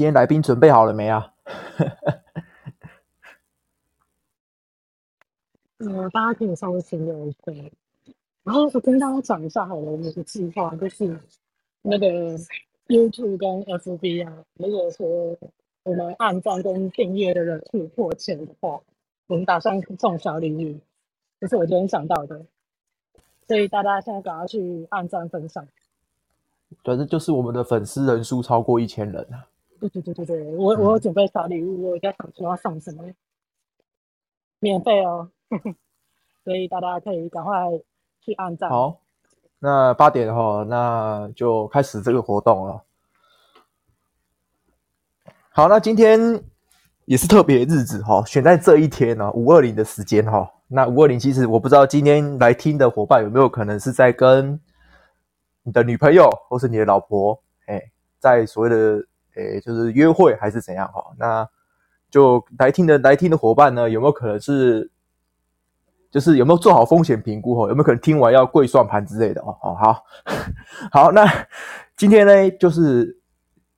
今天來賓準備好了沒啊？ 嗯，大家可以稍微停留一下。然後我跟大家講一下好了，我們的計劃就是那個 YouTube 跟 FB 啊，如果說我們按讚跟訂閱的人數破千的話，我們打算送小禮物。這就是我今天想到的，所以大家現在趕快去按讚分享。反正就是我們的粉絲人數超過一千人啊。對對對對對，我我準備小禮物，我在考慮要送什麼，免費哦，呵呵，所以大家可以趕快去按讚。好，那八點哈、哦，那就開始這個活動了。好，那今天也是特別日子哈、哦，選在這一天呢、哦，五二零的時間哈、哦。那五二零其實我不知道今天來聽的夥伴有沒有可能是在跟你的女朋友或是你的老婆，哎、欸，在所謂的。誒，就是約會還是怎樣哈？那就來聽的來聽的夥伴呢，有沒有可能是，就是有沒有做好風險評估哈？有沒有可能聽完要跪算盤之類的哦？哦，好，好，那今天呢，就是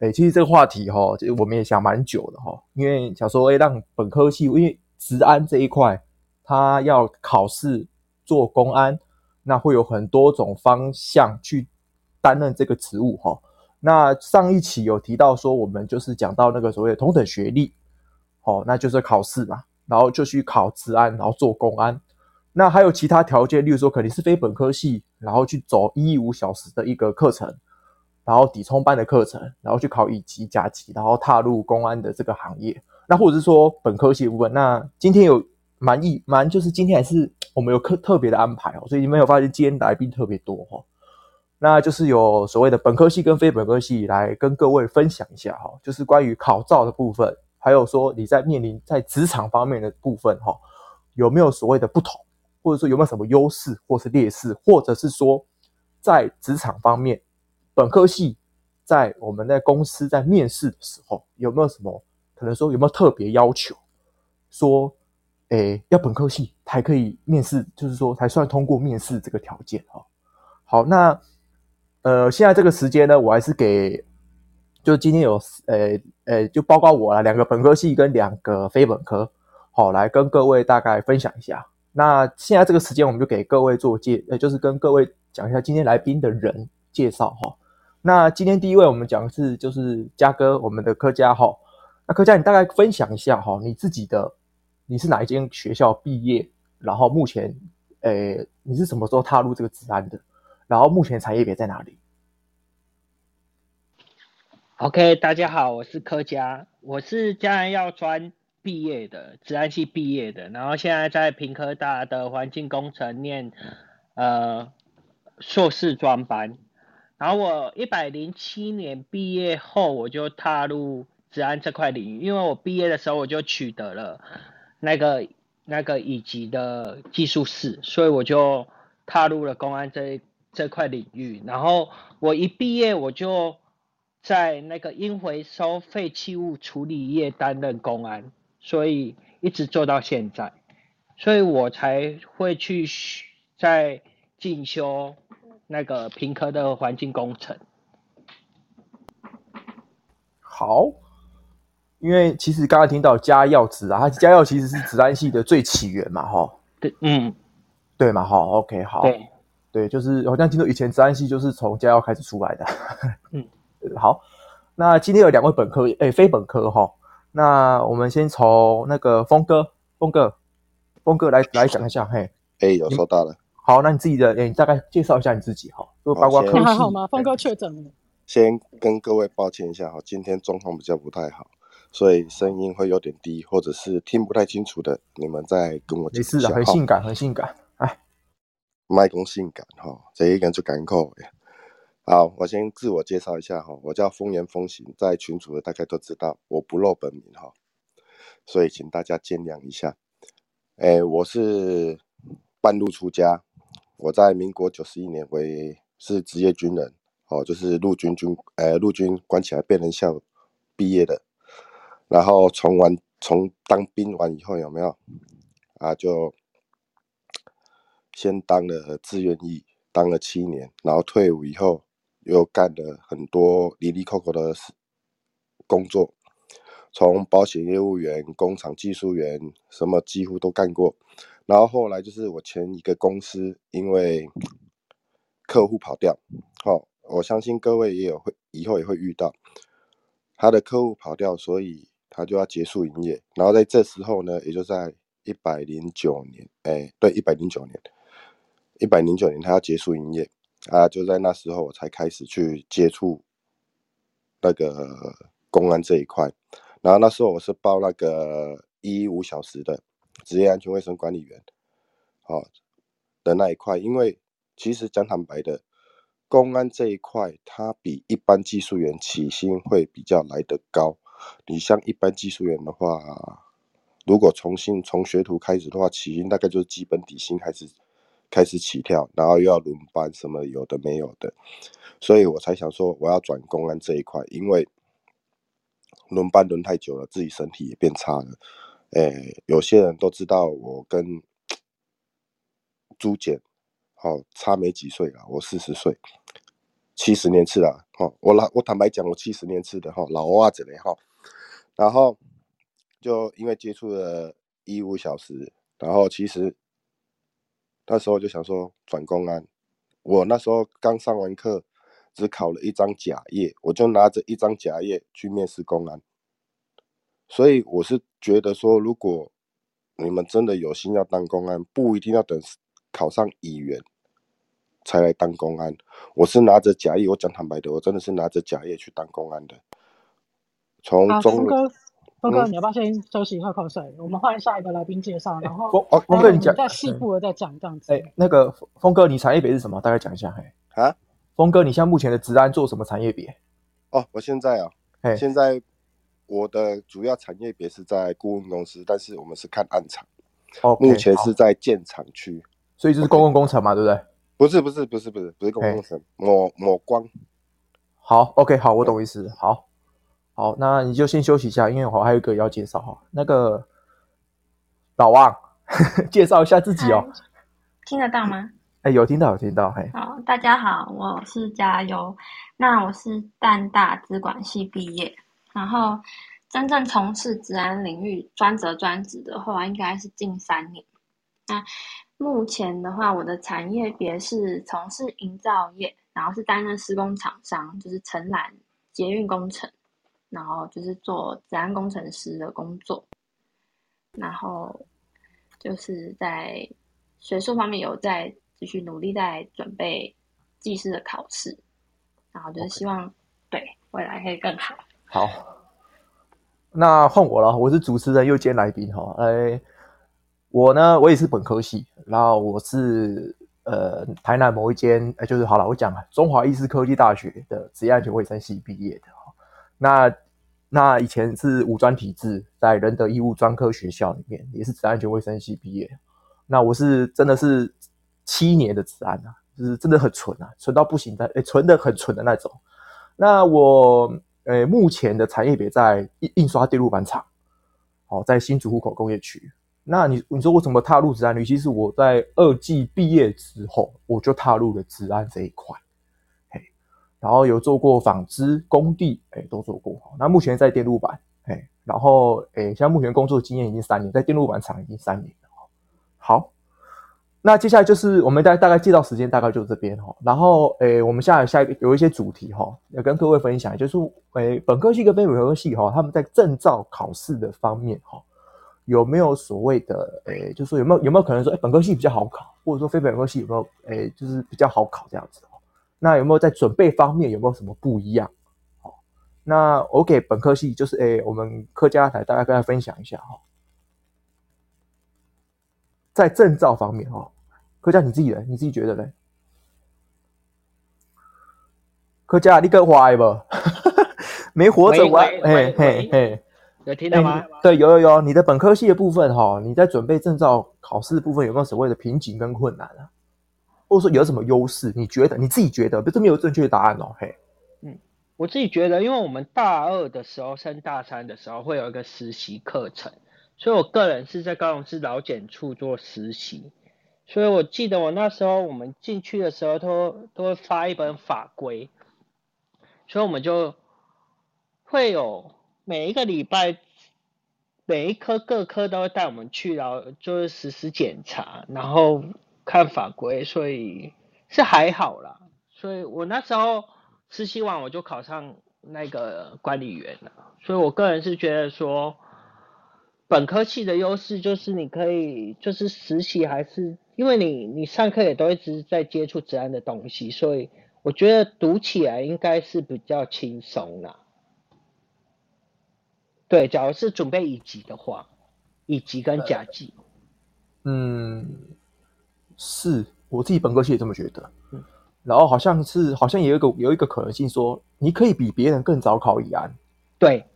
誒，其實這個話題哈，其實我們也想蠻久的哈，因為想說誒，讓本科系因為職安這一塊，他要考試做公安，那會有很多種方向去擔任這個職務哈。那上一期有提到說，我們就是講到那個所謂的同等學歷，哦，那就是考試嘛，然後就去考職安，然後做工安。那還有其他條件，例如說肯定是非本科系，然後去走一一五小時的一個課程，然後抵充班的課程，然後去考乙級、甲級，然後踏入工安的這個行業。那或者是說本科系部分。那今天有蠻意蠻，就是今天還是我們有特特別的安排哦，所以你們有發現今天來賓特別多哈、哦。那就是有所謂的本科系跟非本科系來跟各位分享一下哈，就是關於考照的部分，還有說你在面臨在職場方面的部分哈，有沒有所謂的不同，或者說有沒有什麼優勢或是劣勢，或者是說在職場方面本科系在我們在公司在面試的時候有沒有什麼可能說有沒有特別要求，說欸要本科系才可以面試，就是說才算通過面試這個條件哈。好，那。呃，現在這個時間呢，我還是給，就今天有呃呃，就包括我啦，兩個本科系跟兩個非本科，好、哦、來跟各位大概分享一下。那現在這個時間，我們就給各位做介，呃，就是跟各位講一下今天來賓的人介紹哈、哦。那今天第一位我們講的是就是嘉哥，我們的客家哈、哦。那客家，你大概分享一下哈、哦，你自己的你是哪一間學校畢業，然後目前呃你是什麼時候踏入這個職安的？然後目前產業別在哪裡？OK，大家好，我是柯佳，我是嘉南藥專畢業的，職安系畢業的，然後現在在屏科大的環境工程念呃碩士專班。然後我一百零七年畢業後，我就踏入職安這塊領域，因為我畢業的時候，我就取得了那個那個乙級的技術士，所以我就踏入了工安這。一。這塊領域，然後我一畢業我就在那個應回收廢棄物處理業擔任公安，所以一直做到現在，所以我才會去在進修那個平科的環境工程。好，因為其實剛剛聽到加藥池啊，加藥其實是職安系的最起源嘛，哈、哦。對，嗯，對嘛，好、哦、OK，好。對，就是好像聽說以前職安系就是從嘉藥開始出來的。 嗯，嗯，好，那今天有兩位本科，誒非本科哈、哦。那我們先從那個峰哥，峰哥，峰哥來來講一下，嘿，誒有收到了。好，那你自己的，哎，你大概介紹一下你自己哈，就八卦科還好嗎？峰哥確診了。先跟各位抱歉一下哈，今天狀況比較不太好，所以聲音會有點低，或者是聽不太清楚的，你們再跟我解釋一下。其實，很性感，很性感。麥公性感哈，這一講就講夠。好，我先自我介紹一下哈，我叫風言風行，在群組的，大概都知道，我不露本名哈，所以請大家見諒一下、欸。我是半路出家，我在民國九十一年為是職業軍人哦，就是陸軍軍，哎、呃，陸軍關起來變成校畢業的，然後從完從當兵完以後有沒有啊就。先當了志願役，當了七年，然後退伍以後又幹了很多哩哩摳摳的工作，從保險業務員、工廠技術員，什麼幾乎都幹過。然後後來就是我前一個公司，因為客戶跑掉，好、哦，我相信各位也有會以後也會遇到，他的客戶跑掉，所以他就要結束營業。然後在這時候呢，也就在一百零九年，哎、欸，對，一百零九年。一百零九年，他要結束營業啊，就在那時候，我才開始去接觸那個公安這一塊。然後那時候我是報那個一一五小時的職業安全衛生管理員，好，的那一塊。因為其實講坦白的，公安這一塊，它比一般技術員起薪會比較來得高。你像一般技術員的話、啊，如果重新從學徒開始的話，起薪大概就是基本底薪還是。開始起跳，然後又要輪班，什麼有的沒有的，所以我才想說我要轉工安這一塊，因為輪班輪太久了，自己身體也變差了。誒、欸，有些人都知道我跟朱姐，哦，差沒幾歲了，我四十歲，七十年次了，哦，我老我坦白講，我七十年次的哈，老哇子嘞哈，然後就因為接觸了一五小時，然後其實。那時候就想說轉公安，我那時候剛上完課，只考了一張甲業，我就拿着一張甲業去面試公安。所以我是覺得說，如果你們真的有心要當公安，不一定要等考上乙員才來當公安。我是拿着甲業，我講坦白的，我真的是拿着甲業去當公安的。從中、啊峰哥，你要不要先休息一下、嗯、喝口水？我們換下一個來賓介紹，然後、欸哦欸、峰哥你你再細部的再講這樣子。哎、嗯欸，那個峰哥，你產業別是什麼？大概講一下嘿、欸。啊，峰哥，你像目前的職安做什麼產業別？哦，我現在啊、哦欸，現在我的主要產業別是在顧問公司，但是我們是看案場，哦、okay，目前是在建廠區，所以這是公共工程嘛，okay. 對不對？不是，不是，不是，不是，不是公共工程，欸、抹抹光。好，OK，好，我懂意思，嗯、好。好，那你就先休息一下，因為我還有一個要介紹哈。那個老王，呵呵介紹一下自己哦。嗯、聽得到嗎？哎、欸，有聽到，有聽到。嘿、欸，好、哦，大家好，我是加油。那我是淡大資管系畢業，然後真正從事職安領域專責專職的話，應該是近三年。那目前的話，我的產業別是從事營造業，然後是擔任施工廠商，就是承攬捷運工程。然後就是做職安工程師的工作，然後就是在學術方面有在繼續努力，在準備技師的考試，然後就是希望、okay. 對未來可以更好。好，那換我了，我是主持人又兼來賓哈。哎、呃，我呢，我也是本科系，然後我是呃台南某一間、呃、就是好了，我講中華醫事科技大學的職業安全衛生系畢業的。那那以前是五專體制，在仁德醫務專科學校裡面也是職業安全衛生系畢業。那我是真的是七年的職安啊，就是真的很純啊，純到不行的，誒、欸，純的很純的那種。那我誒、欸，目前的產業別在印印刷電路板廠，哦，在新竹湖口工業區。那你你說我怎麼踏入職安？其實，我在二技畢業之後，我就踏入了職安這一塊。然後有做過紡織、工地，哎，都做過哈。那目前在電路板，哎，然後哎，像目前工作經驗已經三年，在電路板廠已經三年了。好，那接下來就是我們大大概介紹時間，大概就這邊哈。然後哎，我們下來下一個有一些主題哈，要跟各位分享，就是哎，本科系跟非本科系哈，他們在證照考試的方面哈，有沒有所謂的哎，就是有沒有有沒有可能說哎，本科系比較好考，或者說非本科系有沒有哎，就是比較好考這樣子？那有沒有在準備方面有沒有什麼不一樣？那我、OK，給本科系就是、欸、我們科家台大概跟大家分享一下哈。在證照方面哦，科家你自己呢？你自己覺得呢？科家你更壞不？沒活着完，嘿嘿，嘿，有聽到嗎、欸？對，有有有，你的本科系的部分哈，你在準備證照考試的部分有沒有所謂的瓶頸跟困難啊？或者說有什麼優勢？你覺得你自己覺得，這沒有正確的答案哦。嘿，嗯，我自己覺得，因為我們大二的時候升大三的時候會有一個實習課程，所以我個人是在高雄市勞檢處做實習，所以我記得我那時候我們進去的時候都都會發一本法規，所以我們就會有每一個禮拜每一科各科都會帶我們去勞就是實施檢查，然後。看法規，所以是還好啦。所以我那時候實習完，我就考上那個管理員了。所以我個人是覺得說，本科系的優勢就是你可以，就是實習還是因為你你上課也都一直在接觸職安的東西，所以我覺得讀起來應該是比較輕鬆啦。對，假如是準備乙級的話，乙級跟甲級、呃，嗯。是我自己本科系也這麼覺得，然後好像是好像也有一個有一個可能性，說你可以比別人更早考乙安，對，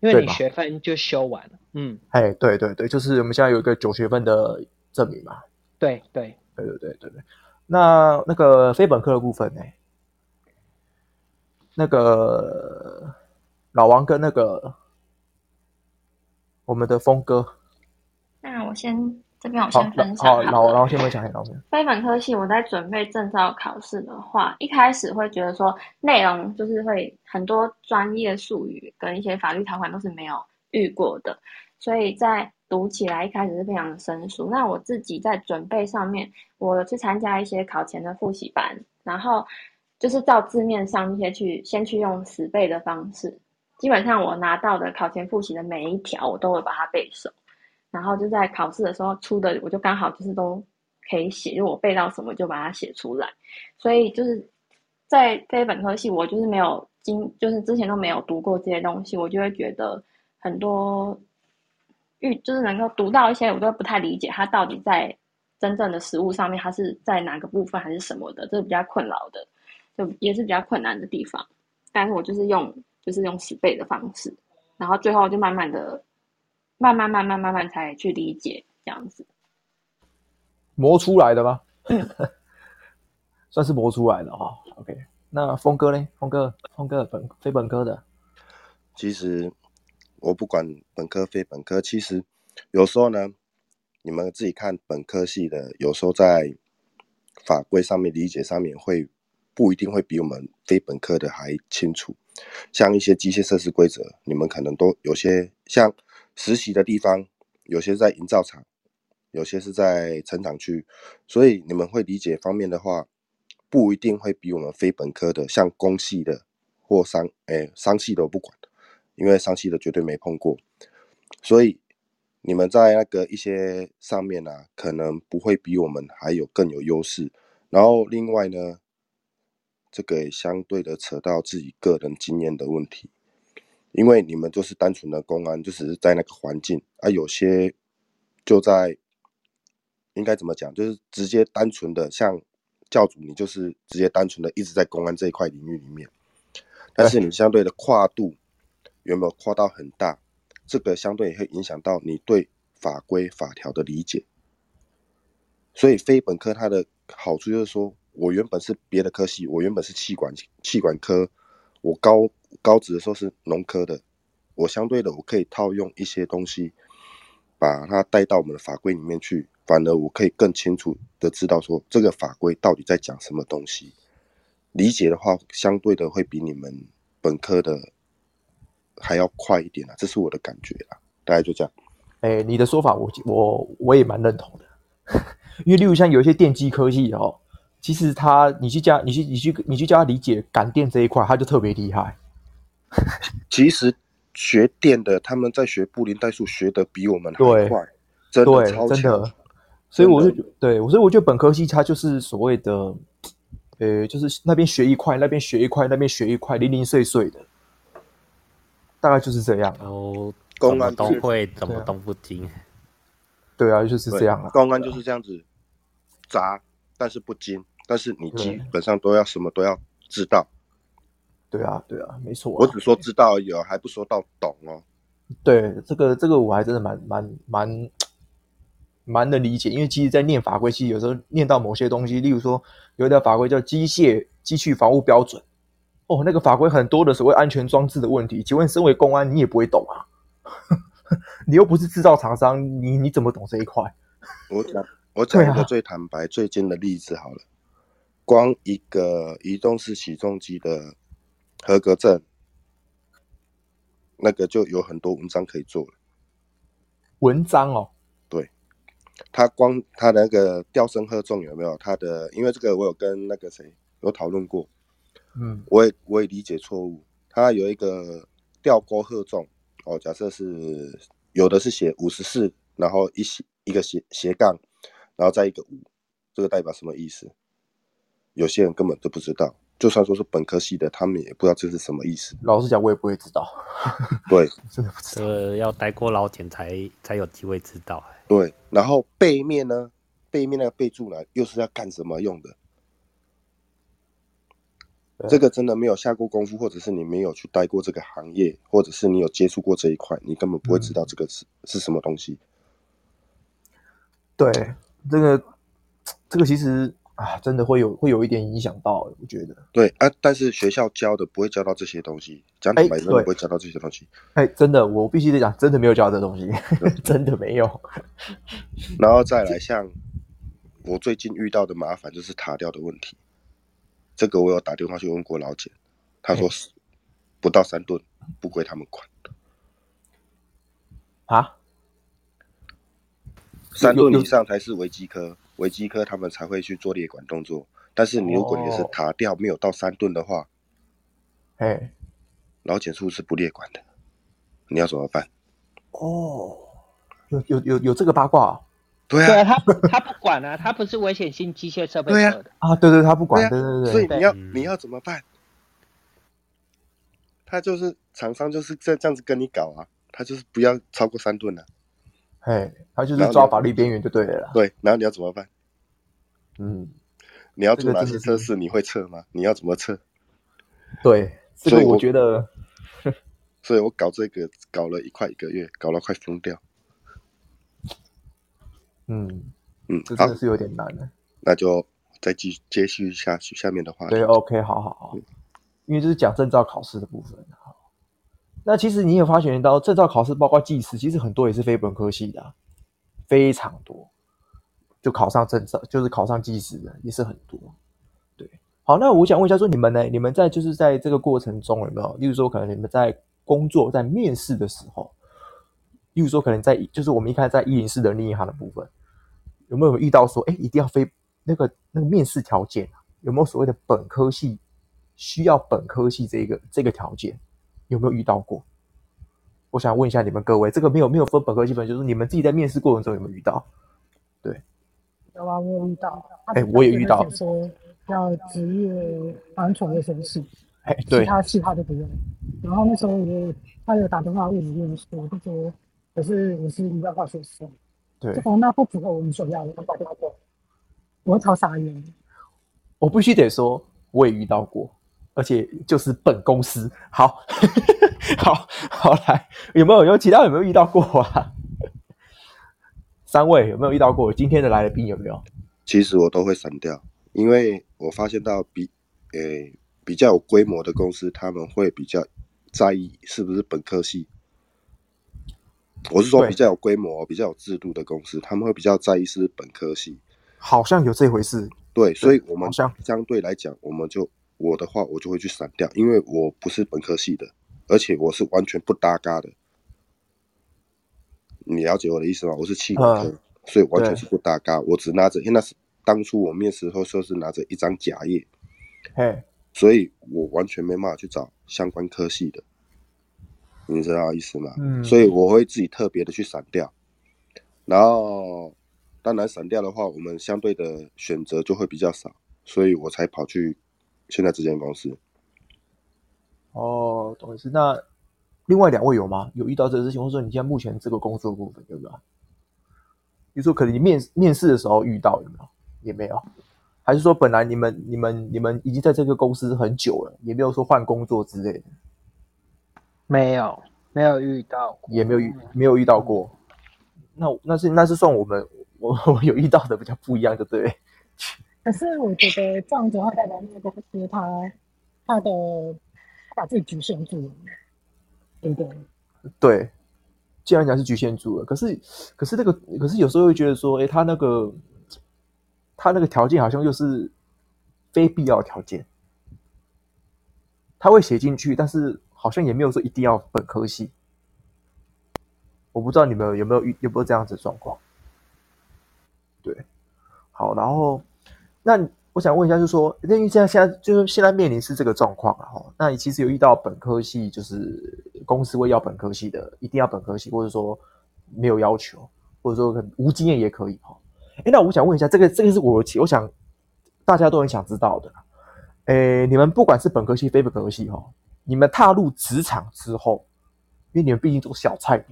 因為你學分就修完了，嗯，誒，對對對，就是我們現在有一個九學分的證明嘛，對對對對對對對，那那個非本科的部分呢，那個老王跟那個我們的峰哥，那我先。這邊我先分享好，好，然後先分老師。非本科系，我在準備證照考試的話，一開始會覺得說內容就是會很多專業術語跟一些法律條款都是沒有遇過的，所以在讀起來一開始是非常的生疏。那我自己在準備上面，我去參加一些考前的複習班，然後就是照字面上一些去先去用死背的方式，基本上我拿到的考前複習的每一條，我都會把它背熟。然後就在考試的時候出的，我就剛好就是都可以寫，就我背到什麼就把它寫出來。所以就是在非本科系，我就是沒有經，就是之前都沒有讀過這些東西，我就會覺得很多遇，就是能夠讀到一些，我都不太理解它到底在真正的實務上面它是在哪個部分還是什麼的，這是比較困擾的，就也是比較困難的地方。但是我就是用就是用死背的方式，然後最後就慢慢的。慢慢慢慢慢慢才去理解這樣子，磨出來的嗎？ 算是磨出來的哈、哦。OK，那峰哥呢？峰哥，峰哥本非本科的。其實我不管本科非本科，其實有時候呢，你們自己看本科系的，有時候在法規上面理解上面會不一定會比我們非本科的還清楚。像一些機械設施規則，你們可能都有些像。實習的地方有些是在營造廠，有些是在成長區，所以你們會理解方面的話，不一定會比我們非本科的，像工系的或商，哎、欸，商系的我不管，因為商系的絕對沒碰過，所以你們在那個一些上面呢、啊，可能不會比我們還有更有優勢。然後另外呢，這個也相對的扯到自己個人經驗的問題。因為你們就是單純的工安，就只是在那個環境啊，有些就在應該怎麼講，就是直接單純的像教主，你就是直接單純的一直在工安這一塊領域裡面，但是你相對的跨度有沒有跨到很大？這個相對也會影響到你對法規法條的理解。所以非本科它的好處就是說，我原本是別的科系，我原本是氣管氣管科。我高，高職的時候是農科的，我相對的我可以套用一些東西，把它帶到我們的法規裡面去，反而我可以更清楚的知道說這個法規到底在講什麼東西，理解的話相對的會比你們本科的還要快一點啊，這是我的感覺啊。大概就這樣。哎、欸，你的說法我我我也蠻認同的， 因為例如像有一些電機科技哦、喔。其實他，你去教，你去，你去，你去教他理解感電這一塊，他就特別厲害。 其實學電的，他們在學布林代數學得比我們還快，真的超強。所以我就，對所以我覺得本科系他就是所謂的，呃，就是那邊學一塊，那邊學一塊，那邊學一塊，零零碎碎的，大概就是這樣。哦，怎麼都會，怎麼都不精。對啊，就是這樣啊，工安就是這樣子雜、啊，但是不精。但是你基本上都要什麼都要知道，對啊，對啊，沒錯、啊。我只說知道有、哦，還不說到懂哦。對，這個這個我還真的蠻蠻蠻蠻的理解，因為其實，在念法規，其實有時候念到某些東西，例如說有一條法規叫《機械機器防護標準》哦，那個法規很多的所謂安全裝置的問題。請問，身為工安，你也不會懂啊？ 你又不是制造廠商，你你怎麼懂這一塊？我我講一個最坦白、啊、最近的例子好了。光一個移動式起重機的合格證，那個就有很多文章可以做了。文章哦，對，他光他的那個吊升荷重有沒有？他的因為這個我有跟那個誰有討論過，嗯，我也我也理解錯誤。他有一個吊鈎荷重哦，假設是有的是寫五十四，然後一斜一個斜斜槓，然後再一個五，這個代表什麼意思？有些人根本都不知道，就算說是本科系的，他們也不知道這是什麼意思。老實講，我也不會知道。 對，這個不知道、呃。要待過勞檢才才有機會知道。對，然後背面呢？背面那個備註欄又是要幹什麼用的？這個真的沒有下過功夫，或者是你沒有去待過這個行業，或者是你有接觸過這一塊，你根本不會知道這個是、嗯、是什麼東西。對，這個，這個其實。啊，真的會有，會有一點影響到，我覺得。對啊，但是學校教的不會教到這些東西，講台沒人不會教到這些東西。哎，真的，我必須得講，真的沒有教到這些東西，嗯、 真的沒有。然後再來，像我最近遇到的麻煩就是塔吊的問題。這，這個我有打電話去問過勞檢，他說是不到三噸不歸他們管。啊？三噸以上才是危機科。嗯嗯嗯危機科他們才會去做列管動作，但是你如果你是塔吊沒有到三噸的話，哦、勞檢處是不列管的，你要怎麼辦？哦，有有有有這個八卦、啊對啊？對啊，他不他不管啊，他不是危險性機械設備。對啊，啊對對,對，他不管、啊，所以你要你要怎麼辦？嗯、他就是廠商就是在這樣子跟你搞啊，他就是不要超過三噸了。哎，他就是抓法律邊緣就對了啦。對，然後你要怎麼辦？嗯，你要做哪些測試？你會測嗎、這個？你要怎麼測？對，這個我,我覺得。所以我搞這個搞了一塊一個月， 搞了快瘋掉。嗯嗯，這個是有點難的。那就再繼接續下去下面的話題。對，OK，好好好。因為這是講證照考試的部分。那其實你有發現到，證照考試包括技師，其實很多也是非本科系的、啊，非常多。就考上證照，就是考上技師的也是很多。對，好，那我想問一下，說你們呢？你們在就是在這個過程中有沒有，例如說可能你們在工作在面試的時候，例如說可能在就是我們一開始在104的另一行的部分，有沒有遇到說，誒一定要非那個那個面試條件、啊、有沒有所謂的本科系需要本科系這一個這個條件？有沒有遇到過？我想問一下你們各位，這個沒有沒有分本科，基本就是你們自己在面試過程中有沒有遇到？對，有啊，我有遇到。哎、啊欸，我也遇到。說要職業安全衛生系，哎、欸，對，其他系他都不用。然後那時候我，他有打電話問我們說，就說可是我是音樂化學生，對，哦，那不符合我們所要的。我要超傻眼，我必須得說，我也遇到過。而且就是本公司，好 好好來，有沒有有其他有沒有遇到過啊？三位有沒有遇到過？今天的來的賓有沒有？其實我都會省掉，因為我發現到比誒、欸、比較有規模的公司，他們會比較在意是不是本科系。我是說比較有規模、比較有制度的公司，他們會比較在意是，是本科系。好像有這回事。對，所以我們相相對來講，我們就。我的話，我就會去閃掉，因為我不是本科系的，而且我是完全不搭嘎的。你了解我的意思嗎？我是汽機科，所以完全是不搭嘎。我只拿着，因為那是當初我面試的時候說是拿着一張假頁，嘿，所以我完全沒辦法去找相關科系的，你知道意思嗎？嗯，所以我會自己特別的去閃掉。然後當然閃掉的話，我們相對的選擇就會比較少，所以我才跑去。現在這間公司，哦，懂意思。那另外兩位有嗎？有遇到這個事情，或者說你現在目前這個工作部分，有沒有？比如說，可能你面面試的時候遇到，有沒有？也沒有。還是說，本來你們、你們、你們已經在這個公司很久了，也沒有說換工作之類的？沒有，沒有遇到過。也沒有遇，沒有遇到過。嗯、那那是那是算我們，我我有遇到的比較不一樣，對不對？ 可是我覺得這樣子的話，代表那個公司他他的他把自己局限住了，對不對？對，既然講是局限住了，可是可是那個，可是有時候會覺得說，哎，他那個他那個條件好像又是非必要條件，他會寫進去，但是好像也沒有說一定要本科系，我不知道你們有沒有遇有沒有這樣子狀況。對，好，然後。那我想問一下就是說，就說那因為現在現在就是現在面臨是這個狀況哈。那你其實有遇到本科系，就是公司會要本科系的，一定要本科系，或者說沒有要求，或者說無經驗也可以哈。哎，那我想問一下，這個這個是我我想大家都很想知道的。哎，你們不管是本科系、非本科系哈，你們踏入職場之後，因為你們畢竟都是小菜鳥，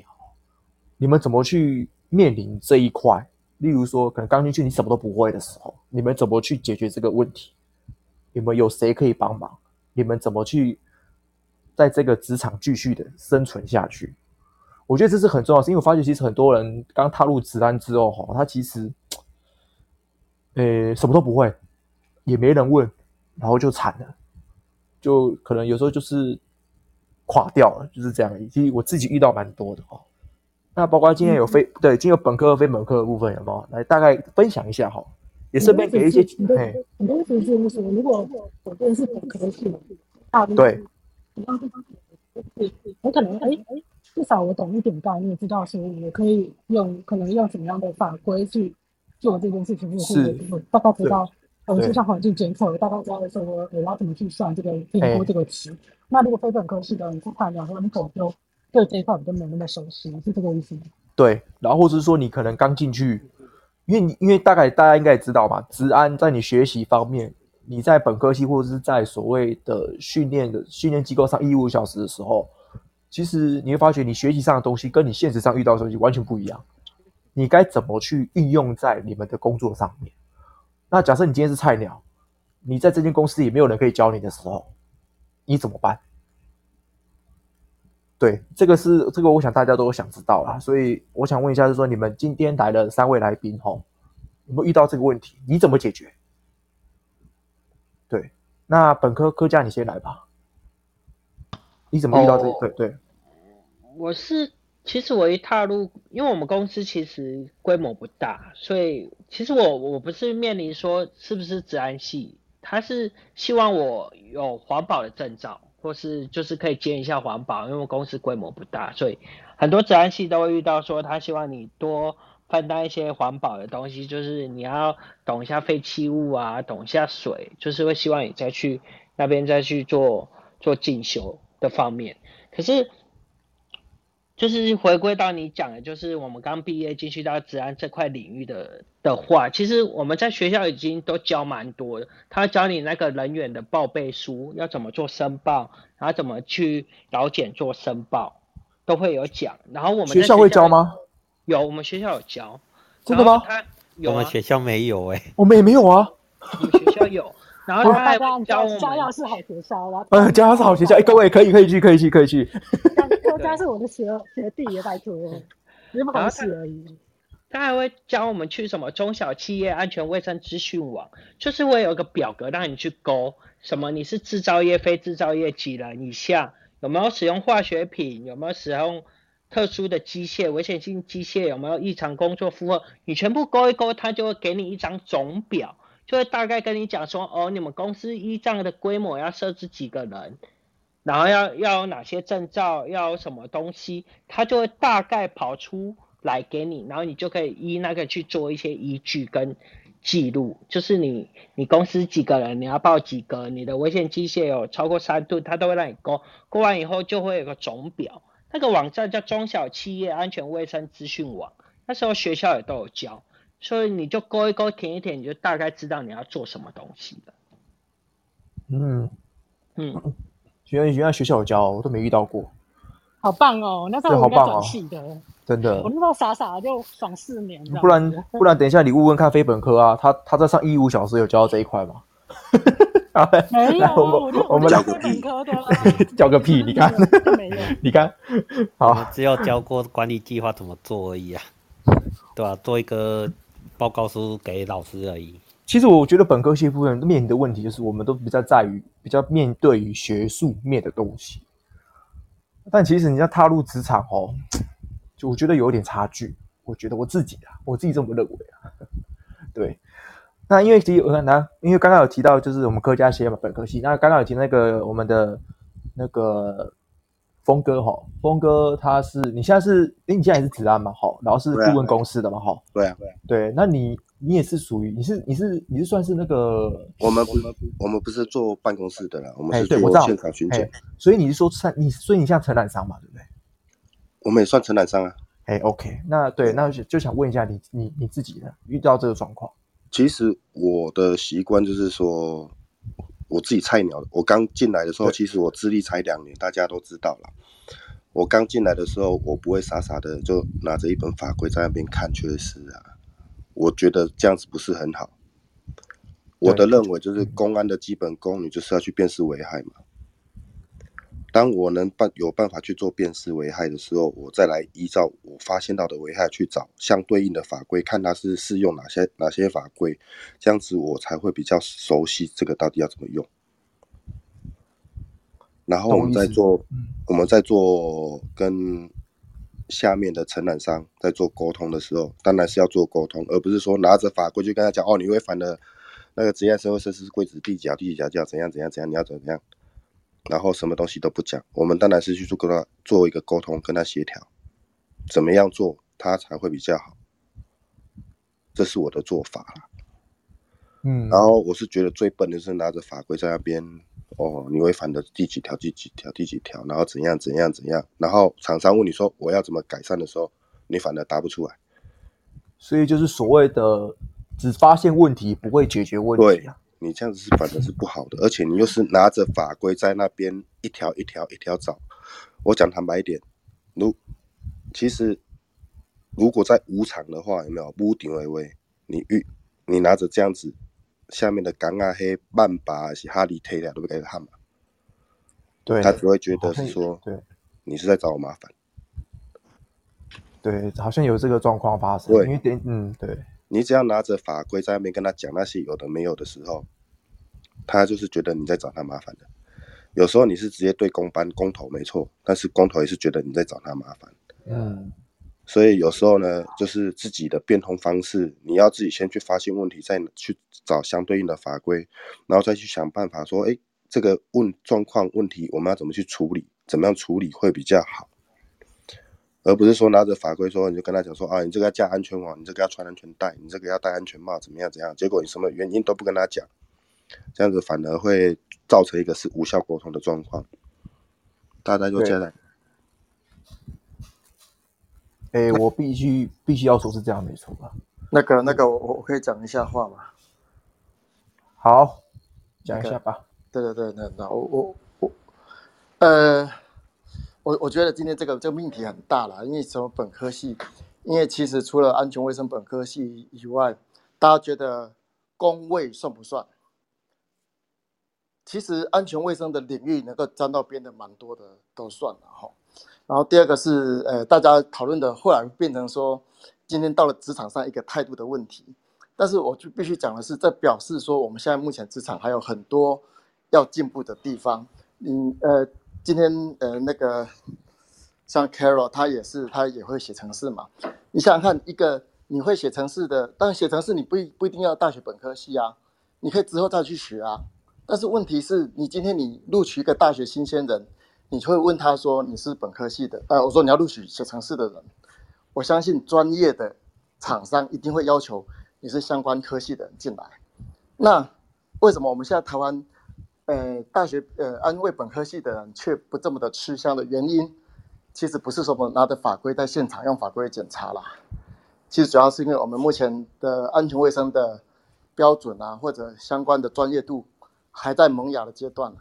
你們怎麼去面臨這一塊？例如說，可能剛進去你什麼都不會的時候，你們怎麼去解決這個問題？你們有誰可以幫忙？你們怎麼去在這個職場繼續的生存下去？我覺得這是很重要的，是因為我發覺其實很多人剛踏入職安之後，哈，他其實，誒、呃，什麼都不會，也沒人問，然後就慘了，就可能有時候就是垮掉了，就是這樣，其實我自己遇到蠻多的哦。那包括今天有非，對，今天有本科和非本科的部分，有沒有？來大概分享一下哈，也順便給一些、嗯。很多很多很多事情，如果這件是本科系的，大部分、嗯、可能哎哎、欸，至少我懂一點概念，知道說也可以用，可能用什麼樣的法規去做這件事情。是。大概知道，我們就像環境檢測，大概知道說我我要怎麼去算這個定額這個值、嗯。那如果非本科系的，你不看了說你可能就。對這一塊比較沒那麼熟悉，是這個意思嗎？對，然後或者是說你可能剛進去，因為因為大概大家應該也知道嘛，職安在你學習方面，你在本科系或者是在所謂的訓練的訓練機構上一五小時的時候，其實你會發覺你學習上的東西跟你現實上遇到的東西完全不一樣。你該怎麼去運用在你們的工作上面？那假設你今天是菜鳥，你在這間公司也沒有人可以教你的時候，你怎麼辦？對，這個是這個，我想大家都想知道啦，所以我想問一下，就是說你們今天來的三位來賓吼、哦，有沒有遇到這個問題？你怎麼解決？對，那本科科長你先來吧，你怎麼遇到這個、哦？對，我是其實我一踏入，因為我們公司其實規模不大，所以其實我我不是面臨說是不是職安系，他是希望我有環保的證照。或是就是可以兼一下環保，因為公司規模不大，所以很多職安系都會遇到說，他希望你多分擔一些環保的東西，就是你要懂一下廢棄物啊，懂一下水，就是會希望你再去那邊再去做做進修的方面，可是。就是回歸到你講的，就是我們剛畢業進去到職安這塊領域的的話，其實我們在學校已經都教蠻多的。他教你那個人員的報備書要怎麼做申報，然後怎麼去勞檢做申報，都會有講。然後我們學校，學校會教嗎？有，我們學校有教。真的嗎？有、啊？我們學校沒有哎、欸。我們也沒有啊。 我們學校有，然後他還教，教教要是好學校了。嗯、啊，教是好學校，哎、欸，各位可以可以去可以去可以去。他家是我的學學弟，拜托，也不好洗而已。他還會教我們去什麼中小企業安全衛生資訊網，就是會有一個表格讓你去勾，什麼你是制造業、非制造業幾人以下，有沒有使用化學品，有沒有使用特殊的機械、危險性機械，有沒有異常工作負荷，你全部勾一勾，他就會給你一張總表，就會大概跟你講說，哦，你們公司依仗的規模要設置幾個人。然後要要有哪些證照，要有什麼東西，他就會大概跑出來給你，然後你就可以依那個去做一些依據跟記錄。就是你你公司幾個人，你要報幾個，你的危險機械有超過三噸，他都會讓你勾，勾完以後就會有個總表。那個網站叫中小企業安全衛生資訊網，那時候學校也都有教，所以你就勾一勾，填一填，你就大概知道你要做什麼東西了。嗯嗯。原來原來學校有教，我都沒遇到過。好棒哦！那時候好棒哦。我們應該轉系的。真的。我那時候傻傻的就爽四年。不然不然，等一下你問問看非本科啊，他他在上一五小時有教到這一塊嗎？ 沒有、啊， 我們我們兩個本科的，教 個屁！你看， 你看，好，只有教過管理計劃怎麼做而已啊，對吧，啊？做一個報告書給老師而已。其實我覺得本科系部分面臨的問題，就是我們都比較在於比較面對於學術面的東西，但其實你要踏入職場哦，就我覺得有點差距。我覺得我自己啊，我自己這麼認為啊。對，那因為其實我講呢，因為剛剛有提到，就是我們科家系嘛，本科系，那剛剛有提到那個我們的那個。峰哥哈，峰哥他是你現在是哎，欸、你現在也是職安嘛，好，然後是顧問公司的嘛，哈、啊啊，對啊，對，對，那你你也是屬於你是你是你是算是那個我們不、嗯、我們不我們不是做辦公室的啦，欸、我們是做、欸、現場巡檢、欸，所以你是說你所以你像承攬商嘛，對不對？我們也算承攬商啊，哎、欸、OK，那對，那就想問一下你你你自己的遇到這個狀況，其實我的習慣就是說。我自己菜鳥，我剛進來的時候，其實我資歷才兩年，大家都知道了。我剛進來的時候，我不會傻傻的就拿着一本法規在那邊看缺失啊。我覺得這樣子不是很好。我的認為就是工安的基本功，你就是要去辨識危害嘛。當我能辦有辦法去做辨識危害的時候，我再來依照我發現到的危害去找相對應的法規，看它是適用哪些哪些法規，這樣子我才會比較熟悉這個到底要怎麼用。然後我們再做我，我們再做跟下面的承攬商在做溝通的時候，當然是要做溝通，而不是說拿着法規去跟他講，哦，你違反了那個職業安全衛生設施規則第幾條、第幾條，叫怎樣怎樣怎樣，你要怎麼樣。然後什麼東西都不講，我們當然是去做跟他做一個溝通，跟他協調，怎麼樣做他才會比較好，這是我的做法啦。嗯，然後我是覺得最笨的是拿着法規在那邊，哦，你違反的第幾條、第幾條、第幾條，然後怎樣怎樣怎樣，然後廠商問你說我要怎麼改善的時候，你反而答不出來，所以就是所謂的只發現問題不會解決問題啊。你這樣子是反正是不好的，而且你又是拿着法規在那邊一條一條一條找。我講坦白一點，如其實如果在無場的話，有沒有無場 A V？你遇你拿着這樣子下面的橄欖黑、曼巴、是哈利、泰拉，都會開始喊，對，他只會覺得是說，對，你是在找我麻煩。對，好像有這個狀況發生，因為點嗯，對。你只要拿着法規在外面跟他講那些有的沒有的時候，他就是覺得你在找他麻煩的。有時候你是直接對工班、工頭，沒錯，但是工頭也是覺得你在找他麻煩。嗯。所以有時候呢，就是自己的變通方式，你要自己先去發現問題，再去找相對應的法規，然後再去想辦法說，誒、欸，這個問狀況問題我們要怎麼去處理，怎麼樣處理會比較好。而不是說拿着法規說，你就跟他講說啊，你這個要加安全網，你這個要穿安全帶，你這個要戴安全帽，怎麼樣？怎樣？結果你什麼原因都不跟他講，這樣子反而會造成一個是無效溝通的狀況。大家就這樣。哎、欸，我必須必須要說是這樣沒錯吧？那個那個我，我我可以講一下話嗎？好，講一下吧。那個、對對對，那那我我我，呃。我我覺得今天這個這個命題很大了，因為從本科系，因為其實除了安全衛生本科系以外，大家覺得工衛算不算？其實安全衛生的領域能夠沾到邊的蠻多的，都算了哈。然後第二個是呃，大家討論的後來變成說，今天到了職場上一個態度的問題。但是我就必須講的是，這表示說我們現在目前職場還有很多要進步的地方。嗯呃。今天呃，那個像 Carol，他也是，他也會寫程式嘛你想想看，一個你會寫程式的，但寫程式你不不一定要大學本科系啊，你可以之後再去學啊。但是問題是你今天你錄取一個大學新鮮人，你就會問他說你是本科系的？呃，我說你要錄取寫程式的人，我相信專業的廠商一定會要求你是相關科系的進來。那為什麼我們現在台灣？呃，大學呃，安衛本科系的人卻不這麼的吃香的原因，其實不是說我們拿着法規在現場用法規檢查啦，其實主要是因為我們目前的安全衛生的標準啊，或者相關的專業度還在萌芽的階段，啊，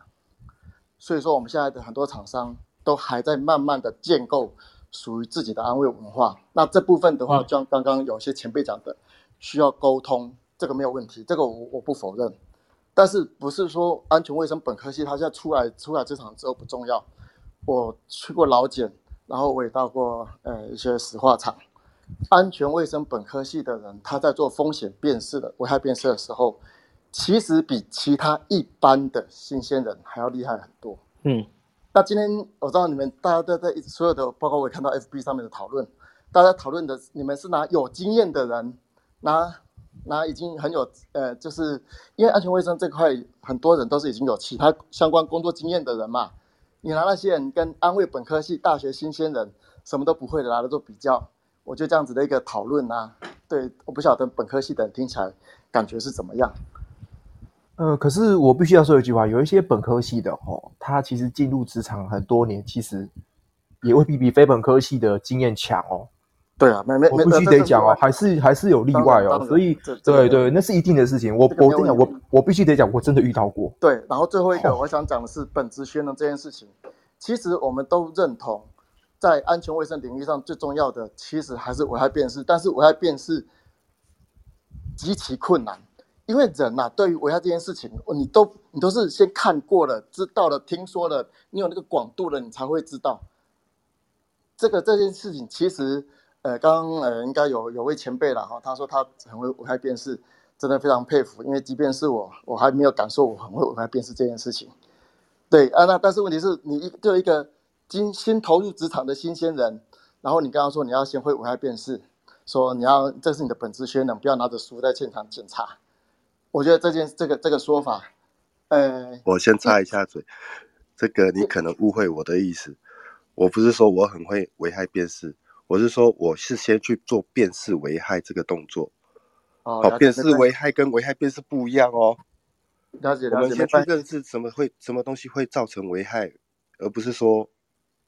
所以說我們現在的很多廠商都還在慢慢的建構屬於自己的安衛文化。那這部分的話，嗯、就像剛剛有些前輩講的，需要溝通，這個沒有問題，這個我我不否認。但是不是說安全衛生本科系，他現在出來出來職場之後不重要。我去過勞檢，然後我也到過呃一些石化廠。安全衛生本科系的人，他在做風險辨識的危害辨識的時候，其實比其他一般的新鮮人還要厲害很多。嗯，那今天我知道你們大家都在所有的，包括我也看到 FB 上面的討論，大家討論的你們是拿有經驗的人拿。那已經很有，呃，就是因為安全衛生這塊，很多人都是已經有其他相關工作經驗的人嘛。你拿那些人跟安衛本科系大學新鮮人，什麼都不會的拿來做比較，我覺得這樣子的一個討論啊，對，我不曉得本科系的人聽起來感覺是怎麼樣。呃，可是我必須要說一句話，有一些本科系的哦，他其實進入職場很多年，其實也未必比，比非本科系的經驗強哦。對啊，沒沒我必須得講哦、啊，還是還是有例外哦、啊，所以、這個、對對、對、嗯，那是一定的事情。這個、我我講我我必須得講，我真的遇到過。對，然後最後一個我想講的是本職宣傳這件事情、哦。其實我們都認同，在安全衛生領域上最重要的，其實還是危害辨識，但是危害辨識極其困難，因為人吶、啊，對於危害這件事情，你都你都是先看過了，知道了，聽說了，你有那個廣度了，你才會知道這個這件事情其實。呃，剛呃，應該有有位前輩啦，哈，他說他很會危害辨識，真的非常佩服，因為即便是我，我還沒有敢說我很會危害辨識這件事情。對啊，那但是問題是你就一個新新投入職場的新鮮人，然後你剛剛說你要先會危害辨識，說你要這是你的本職學能，不要拿着書在現場檢查。我覺得這件這個這個說法，呃，我先插一下嘴這，這個你可能誤會我的意思，我不是說我很會危害辨識。我是說，我是先去做辨識危害這個動作，好、哦哦，辨識危害跟危害辨識不一樣哦。了解了解。我們先去認識是什麼會什麼東西會造成危害，而不是說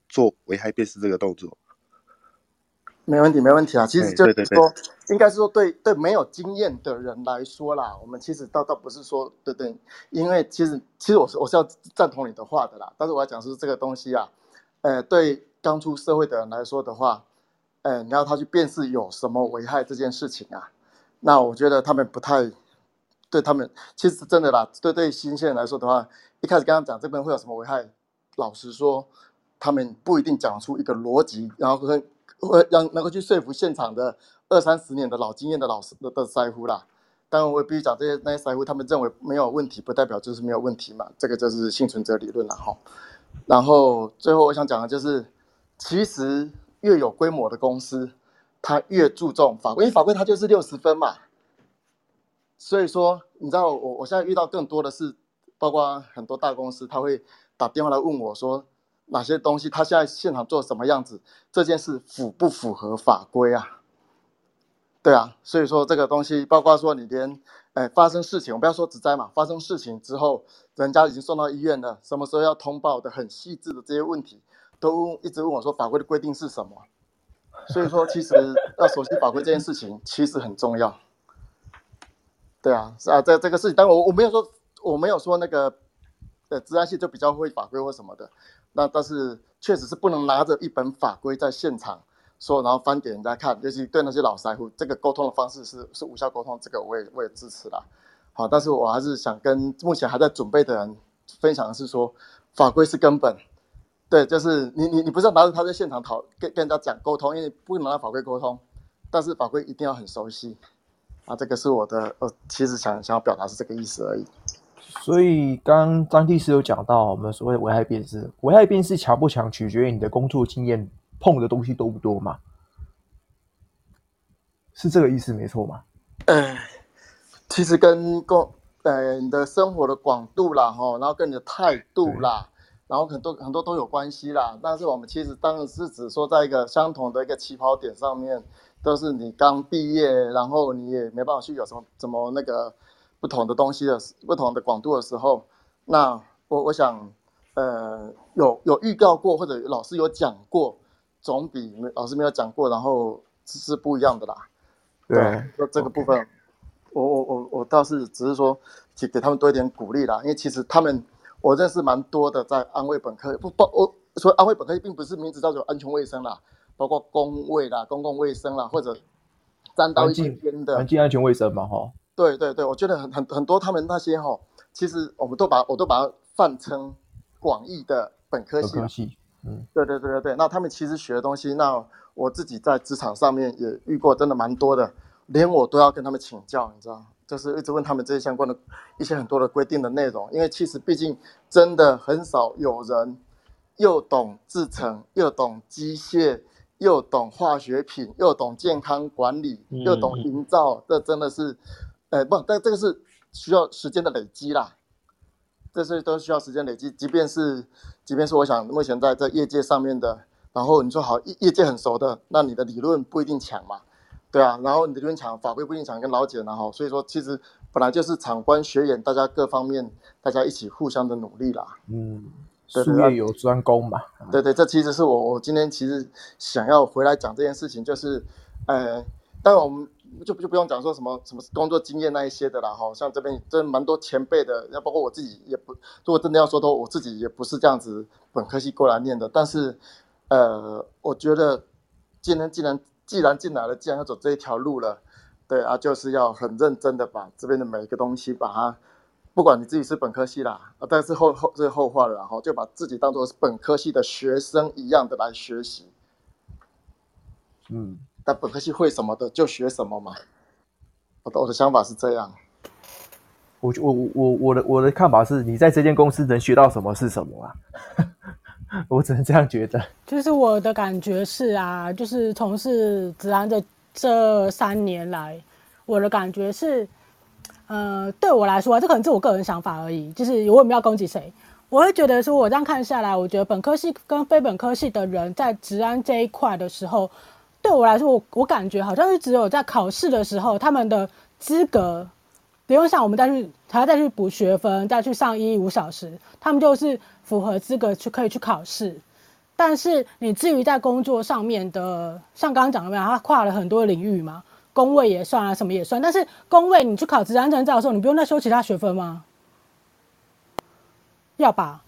做危害辨識這個動作。沒問題，沒問題啦。其實就是說，欸、對對對應該是說對對沒有經驗的人來說啦，我們其實倒倒不是說對，對對？因為其實其實我是我是要贊同你的話的啦，但是我要講是這個東西啊，呃，對剛出社會的人來說的話。哎，然後他去辨識有什麼危害這件事情啊？那我覺得他們不太，對他們其實真的啦，對對新鮮人來說的話，一開始跟他們講這邊會有什麼危害，老實說，他們不一定講出一個邏輯，然後會讓能夠去說服現場的二三十年的老經驗的老師的的師傅啦。當然，我也必須講這些那些師傅他們認為沒有問題，不代表就是沒有問題嘛，這個就是幸存者理論了哈。然後最後我想講的就是，其實。越有規模的公司，他越注重法規，因為法規它就是六十分嘛。所以說，你知道我我現在遇到更多的是，包括很多大公司，他會打電話來問我說，哪些東西他現在現場做什麼樣子，這件事符不符合法規啊？對啊，所以說這個東西，包括說你連哎、欸、發生事情，我不要說職災嘛，發生事情之後，人家已經送到醫院了，什麼時候要通報的，很細緻的這些問題。都一直問我說法規的規定是什麼，所以說其實要熟悉法規這件事情其實很重要。對啊，啊這這個事情，但我我沒有說我沒有說那個，呃，職安系就比較會法規或什麼的，那但是確實是不能拿着一本法規在現場說，然後翻給人家看，尤其對那些老師傅，這個溝通的方式是是無效溝通，這個我也我也支持的。好，但是我還是想跟目前還在準備的人分享的是說法規是根本。對，就是你你你不是要拿着他在現場討跟跟人家講溝通，因為不能跟法規溝通，但是法規一定要很熟悉啊。這個是我的呃、哦，其實想想要表達是這個意思而已。所以剛剛張律師有講到，我們所謂危害辨識，危害辨識強不強，取決於你的工作經驗碰的東西多不多嘛？是這個意思沒錯嗎？嗯、呃，其實跟工嗯、呃、你的生活的廣度啦，哈，然後跟你的態度啦。然後很多很多都有關係啦，但是我們其實當然是指說在一個相同的一個起跑點上面，都是你剛畢業，然後你也沒辦法去有什麼怎麼那個不同的東西的不同的廣度的時候，那我我想，呃，有有預告過或者老師有講過，總比老師沒有講過然後是不一樣的啦。對，這這個部分，okay. 我我我我倒是只是說給給他們多一點鼓勵啦，因為其實他們。我認識蠻多的，在安衛本科不不，我所以安衛本科並不是名字叫做安全衛生啦，包括公衛啦、公共衛生啦，或者沾到一些邊的環境安，安，安全衛生嘛，哈。對對對，我覺得很很很多他們那些哈，其實我們都把我都把它泛稱廣義的本科系。科系，嗯，對對對對對，那他們其實學的東西，那我自己在職場上面也遇過，真的蠻多的，連我都要跟他們請教，你知道嗎？就是一直問他們這些相關的、一些很多的規定的內容，因為其實畢竟真的很少有人又懂製程，又懂機械，又懂化學品，又懂健康管理，又懂營造。這真的是、嗯，哎、嗯呃，不，但這個是需要時間的累積啦。這些都需要時間累積。即便是即便是我想目前在這業界上面的，然後你說好業界很熟的，那你的理論不一定強嘛。對啊，然後你的電廠法規不一定強，跟老姐然後，所以說其實本來就是產官學研，大家各方面大家一起互相的努力啦。嗯，術業有專攻嘛。對，對對，這其實是我我今天其實想要回來講這件事情，就是呃，當然我們就就不用講說什麼什麼工作經驗那一些的啦。哈。像這邊真蠻多前輩的，要包括我自己也不，如果真的要說都我自己也不是這樣子本科系過來唸的，但是呃，我覺得今天既然，既然既然進來了，既然要走這一條路了，對啊，就是要很認真的把這邊的每一個東西，把它，不管你自己是本科系啦，啊、但是後後這是後話了啦哈，就把自己當做是本科系的學生一樣的來學習。嗯，那本科系會什麼的就學什麼嘛？我的我的想法是這樣。我就我我我我的我的看法是，你在這間公司能學到什麼是什麼啊？ 我只能這樣覺得，就是我的感覺是啊，就是從事職安的這三年來，我的感覺是，呃，對我來說啊，這可能是我個人想法而已。就是我也沒有攻擊誰，我會覺得說，我這樣看下來，我覺得本科系跟非本科系的人在職安這一塊的時候，對我來說我，我我感覺好像是只有在考試的時候，他們的資格。不用像，我們再去還要再去補學分，再去上15小時，他們就是符合資格去可以去考試。但是你至於在工作上面的，像剛剛講的那樣，他跨了很多的領域嘛，工位也算啊，什麼也算。但是工位，你去考職業安全教的時候，你不用再修其他學分嗎？要吧，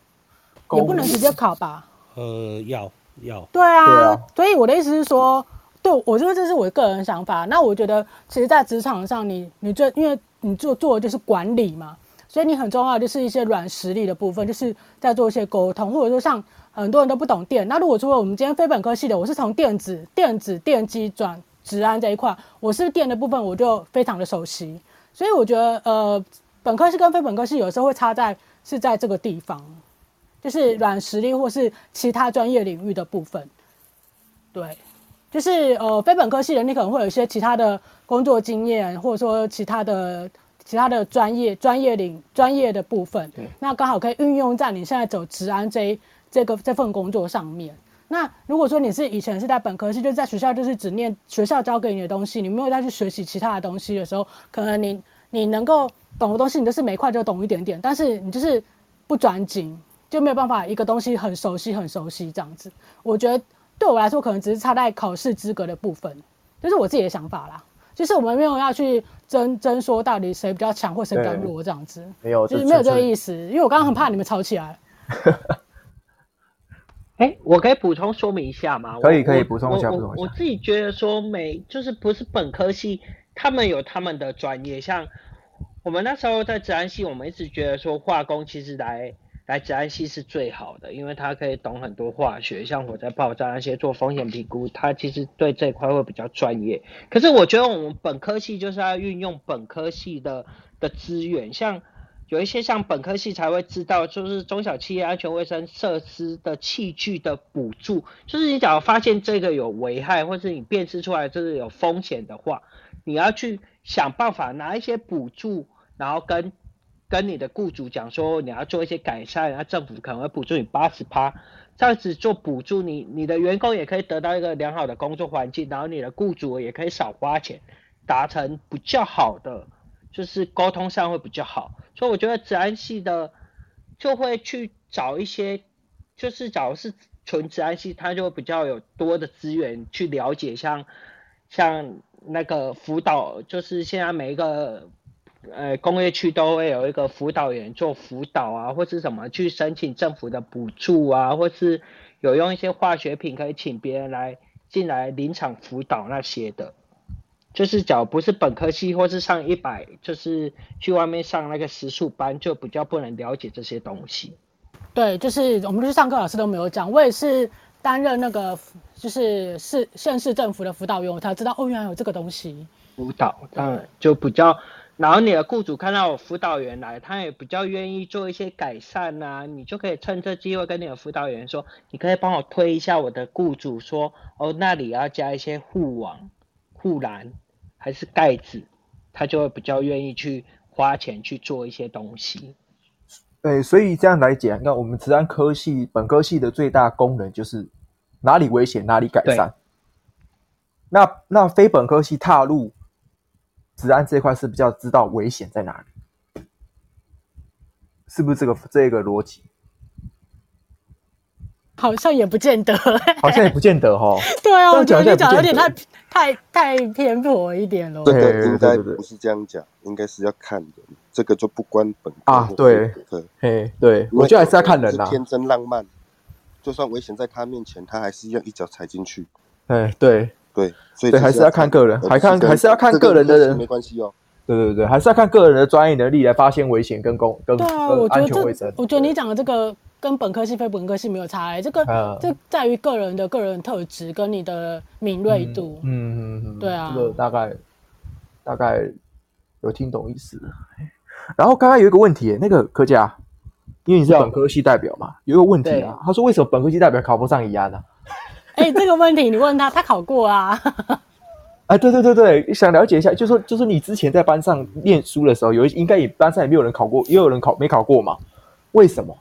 也不能直接考吧？呃，要要對啊。對啊，所以我的意思是說，對，我認為這是我個人的想法。那我覺得，其實，在職場上你，你你最因為。你做做就是管理嘛，所以你很重要就是一些軟實力的部分，就是在做一些溝通，或者說像很多人都不懂電。那如果說我們今天非本科系的，我是從電子、電子電機轉職安這一塊，我是電的部分我就非常的熟悉。所以我覺得，呃，本科系跟非本科系有時候會差在是在這個地方，就是軟實力或是其他專業領域的部分，對。就是呃，非本科系的你，你可能會有一些其他的工作經驗，或者說其他的、其他的專業、專業領專業的部分、嗯。那剛好可以運用在你現在走職安這這個這份工作上面。那如果說你是以前是在本科系，就是，在學校就是只念學校教給你的東西，你沒有再去學習其他的東西的時候，可能你你能夠懂的東西，你都是每一塊就懂一點點，但是你就是不專精，就沒有辦法一個東西很熟悉、很熟悉這樣子。我覺得。對我來說，可能只是差在考試資格的部分，這，就是我自己的想法啦。就是我們沒有要去爭爭說到底誰比較強或誰比較弱這樣子，沒有，就是沒有這個意思。因為我剛剛很怕你們吵起來。哎， 我可以補充說明一下嗎？可以，可以補充一。補充一下。我自己覺得說沒，每就是不是本科系，他們有他們的專業。像我們那時候在職安系，我們一直覺得說化工其實來。來，職安系是最好的，因為他可以懂很多化學，像火災爆炸那些做風險評估，他其實對這一塊會比較專業。可是我覺得我們本科系就是要運用本科系的的資源，像有一些像本科系才會知道，就是中小企業安全衛生設施的器具的補助，就是你假如發現這個有危害，或是你辨識出來這個有風險的話，你要去想辦法拿一些補助，然後跟。跟你的雇主講說你要做一些改善，然後政府可能會補助你八十趴，這樣子做補助你，你你的員工也可以得到一個良好的工作環境，然後你的雇主也可以少花錢，達成比較好的，就是溝通上會比較好。所以我覺得職安系的就會去找一些，就是找是純職安系，他就會比較有多的資源去了解像、像那個輔導，就是現在每一個。呃、欸，工業區都會有一個輔導員做輔導啊，或是什麼去申請政府的補助啊，或是有用一些化學品可以請別人來進來臨場輔導那些的。就是，只要不是本科系或是上一百，就是去外面上那個時數班，就比較不能了解這些東西。對，就是我們就是上課老師都沒有講，我也是擔任那個就是市縣市政府的輔導員，我才知道哦，原來有這個東西輔導，當然，就比較。然後你的雇主看到我輔導員來，他也比較願意做一些改善吶、啊，你就可以趁這機會跟你的輔導員說，你可以幫我推一下我的雇主說，說哦，那裡要加一些護網、護欄還是蓋子，他就會比較願意去花錢去做一些東西。對，所以這樣來講，那我們職安科系本科系的最大功能就是哪裡危險哪裡改善。那那非本科系踏入。職安這一塊是比較知道危險在哪裡，是不是這個這個邏輯？好像也不見得，好像也不見得哈、哦。對啊、哦，我覺得你講的有點太太太偏頗一點了。對對對對，應該不是這樣講，應該是要看人，這個就不關本不的啊。對，嘿，對，我覺得還是要看人啊。天真浪漫，就算危險在他面前，他還是要一腳踩進去。哎，對。對，所以對還是要看個人，呃、還看是要還是要看個人的人、這個，沒關係哦。對對對還是要看個人的專業能力來發現危險跟工跟、啊、跟安全衛生。我覺得你講的這個跟本科系非本科系沒有差哎，欸，這個，呃、這在於個人的個人的特質跟你的敏銳度。嗯嗯嗯，對啊。這個大概大概有聽懂意思。 然後剛剛有一個問題，欸，那個科家，因為你是本科系代表嘛，有一個問題啊，他說為什麼本科系代表考不上乙安呢？哎、 欸，這個問題你問他，他考過啊。哎、 啊，對對對對，想了解一下，就是、說就說、是、你之前在班上念書的時候，有應該也班上也沒有人考過，也有人考沒考過嘛？為什麼？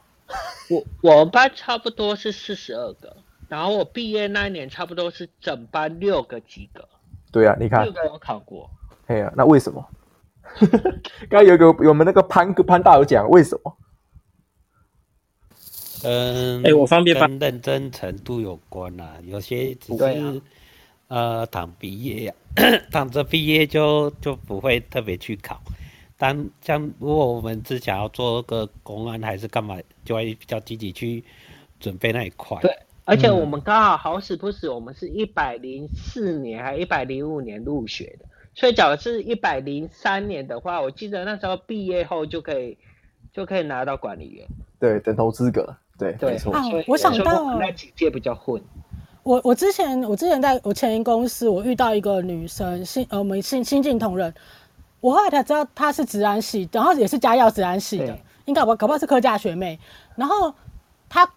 我我們班差不多是四十二個，然後我畢業那一年，差不多是整班六個及格。對啊，你看。六個有考過。哎呀、啊，那為什麼？ 剛剛有個有我們那個潘潘大有講，為什麼？嗯，哎，我方便吧？認真程度有關啦、啊，有些只是、啊、呃，躺畢業、啊， 躺着畢業就就不會特別去考。但像如果我們之前要做個公安還是幹嘛，就會比較積極去準備那一塊。對，而且我們剛好好死不死，我們是一百零四年還一百零五年入學的，所以假如是一百零三年的話，我記得那時候畢業後就可以就可以拿到管理員，對，等同資格。對，對、啊、我想到那幾屆比較混。我我之前我之前在我前一公司，我遇到一個女生新呃，我、啊、們新新進同仁。我後來才知道她是職安系，然後也是嘉藥職安系的，應該我搞不好是科加學妹。然後她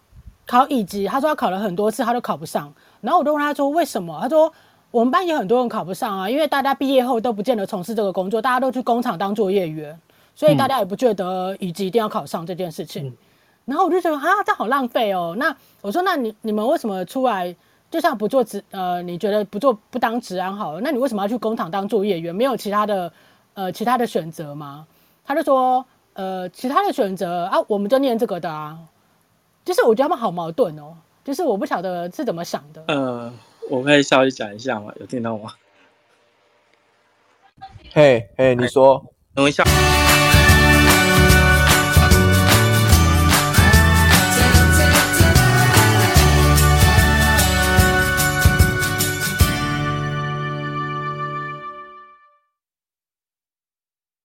考乙級，她說她考了很多次，她都考不上。然後我就問她說，為什麼？她說我們班也很多人考不上啊，因為大家畢業後都不見得從事這個工作，大家都去工廠當作業員，所以大家也不覺得乙級一定要考上這件事情。嗯嗯然後我就覺得啊，這好浪費哦。那我說，那你你們為什麼出來，就像不做職呃，你覺得不做不當職安好了？那你為什麼要去工廠當作業員？沒有其他的呃其他的選擇嗎？他就說呃其他的選擇啊，我們就念這個的啊。就是我覺得他們好矛盾哦。就是我不曉得是怎麼想的。呃，我可以稍微講一下嗎？有聽到嗎？嘿嘿，你說。等一下。